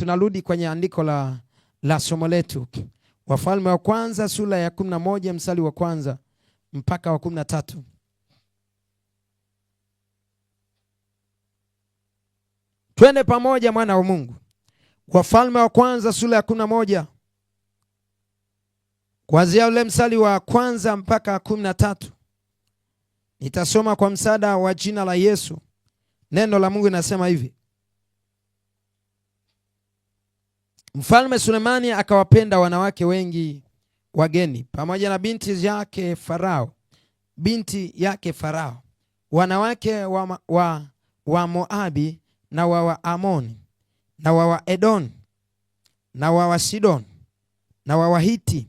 tunarudi kwenye andiko la, la somo letu Wafalme wa kwanza sura ya kumi na moja msali wa kwanza mpaka wa kumi na tatu. Twende pamoja mwana wa Mungu. Wafalme wa kwanza sura ya kumi na moja kuanzia ule msali wa kwanza mpaka kumi na tatu. Nitasoma kwa msaada wa jina la Yesu. Neno la Mungu linasema hivi: Mfalme Sulemani akawapenda wanawake wengi wageni pamoja na binti yake Farao, binti yake Farao, wanawake wa, wa, wa Moabi na wa Waamoni na wa Waedoni na wa Wasidoni na wa Wahiti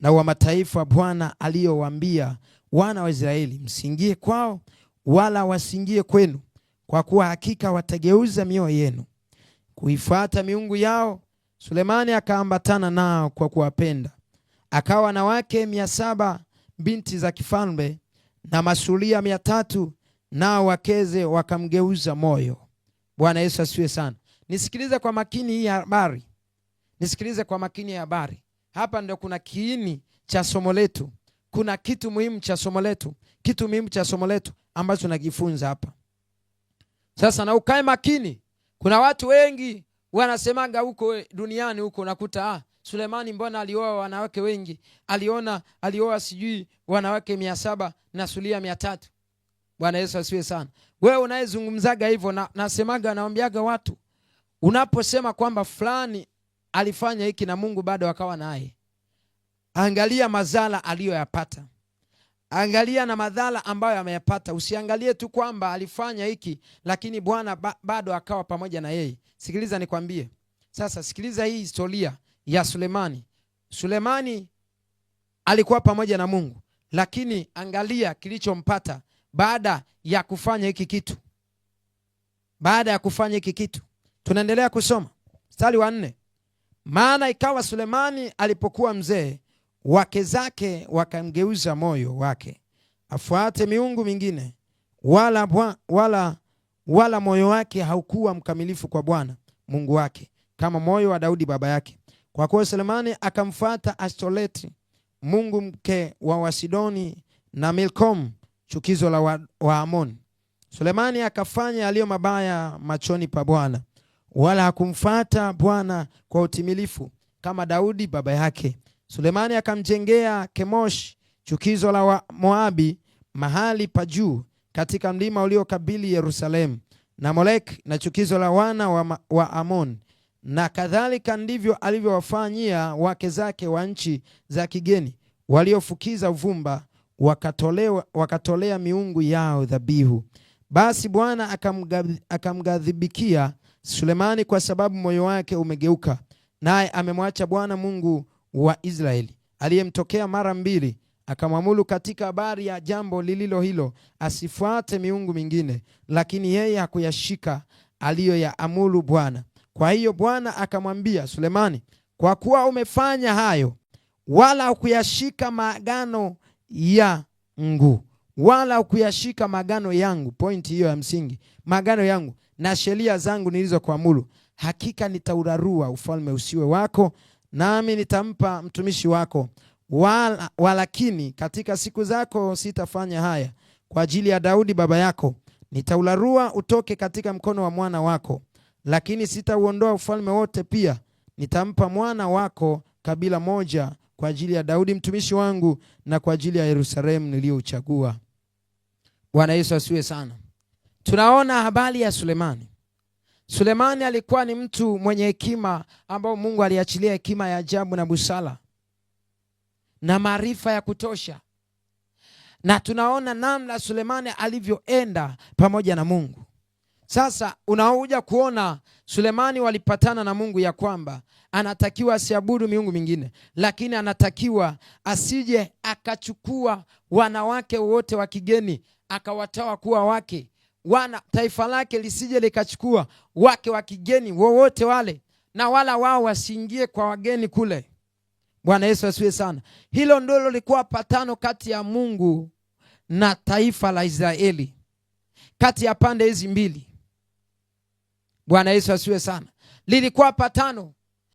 na wa mataifa Bwana aliyowaambia wana wa Israeli, msiingie kwao wala wasiingie kwenu, kwa kuwa hakika watageuza mioyo yenu kuifuata miungu yao Sulemani akaambatana nao kwa kuwapenda, akawa na wake mia saba binti za kifalme na masuria mia tatu nao wakeze wakamgeuza moyo. Bwana Yesu asiwe sana. Nisikilize kwa makini hii habari, nisikilize kwa makini hii habari. Hapa ndio kuna kiini cha somo letu, kuna kitu muhimu cha somo letu, kitu muhimu cha somo letu ambacho tunajifunza hapa sasa, na ukae makini. Kuna watu wengi wanasemaga huko duniani huko nakuta ah, Sulemani mbona alioa wanawake wengi, aliona alioa sijui wanawake mia saba na sulia mia tatu. Bwana Yesu asiwe sana. Wewe unayezungumzaga hivyo na, nasemaga naambiaga watu unaposema kwamba fulani alifanya hiki na Mungu bado akawa naye, angalia mazala aliyoyapata. Angalia na madhara ambayo ameyapata. Usiangalie tu kwamba alifanya hiki, lakini Bwana ba, bado akawa pamoja na yeye. Sikiliza nikwambie sasa, sikiliza hii historia ya Sulemani. Sulemani alikuwa pamoja na Mungu, lakini angalia kilichompata baada ya kufanya hiki kitu, baada ya kufanya hiki kitu. Tunaendelea kusoma mstari wa nne, maana ikawa Sulemani alipokuwa mzee wake zake wakamgeuza moyo wake afuate miungu mingine, wala, bwa, wala, wala moyo wake haukuwa mkamilifu kwa Bwana Mungu wake kama moyo wa Daudi baba yake. Kwa kuwa Selemani akamfuata Ashtoreti mungu mke wa Wasidoni na Milkom chukizo la Waamoni wa Sulemani akafanya aliyo mabaya machoni pa Bwana, wala hakumfuata Bwana kwa utimilifu kama Daudi baba yake. Sulemani akamjengea Kemosh chukizo la Moabi mahali pa juu katika mlima uliokabili Yerusalemu na Molek na chukizo la wana wa, wa Amon na kadhalika. Ndivyo alivyowafanyia wake zake wa nchi za kigeni waliofukiza uvumba, wakatolewa, wakatolea miungu yao dhabihu. Basi Bwana akamghadhibikia Sulemani kwa sababu moyo wake umegeuka, naye amemwacha Bwana Mungu wa Israeli aliyemtokea mara mbili, akamwamuru katika habari ya jambo lililo hilo asifuate miungu mingine, lakini yeye hakuyashika aliyoyaamuru Bwana. Kwa hiyo Bwana akamwambia Sulemani, kwa kuwa umefanya hayo wala hukuyashika maagano yangu wala hukuyashika maagano yangu. Pointi hiyo ya msingi, maagano yangu na sheria zangu nilizokuamuru, hakika nitaurarua ufalme usiwe wako nami nitampa mtumishi wako, wala walakini katika siku zako sitafanya haya. Kwa ajili ya Daudi baba yako nitaularua utoke katika mkono wa mwana wako, lakini sitauondoa ufalme wote. Pia nitampa mwana wako kabila moja kwa ajili ya Daudi mtumishi wangu na kwa ajili ya Yerusalemu niliyouchagua. Bwana Yesu asiwe sana. Tunaona habari ya Sulemani. Sulemani alikuwa ni mtu mwenye hekima ambao Mungu aliachilia hekima ya ajabu na busara na maarifa ya kutosha, na tunaona namna Sulemani alivyoenda pamoja na Mungu. Sasa unaoja kuona Sulemani walipatana na Mungu ya kwamba anatakiwa asiabudu miungu mingine, lakini anatakiwa asije akachukua wanawake wote wa kigeni akawatoa kuwa wake wana taifa lake lisije likachukua wake wa kigeni wowote wale, na wala wao wasiingie kwa wageni kule. Bwana Yesu asiwe sana. Hilo ndilo lilikuwa patano kati ya Mungu na taifa la Israeli, kati ya pande hizi mbili. Bwana Yesu asiwe sana, lilikuwa patano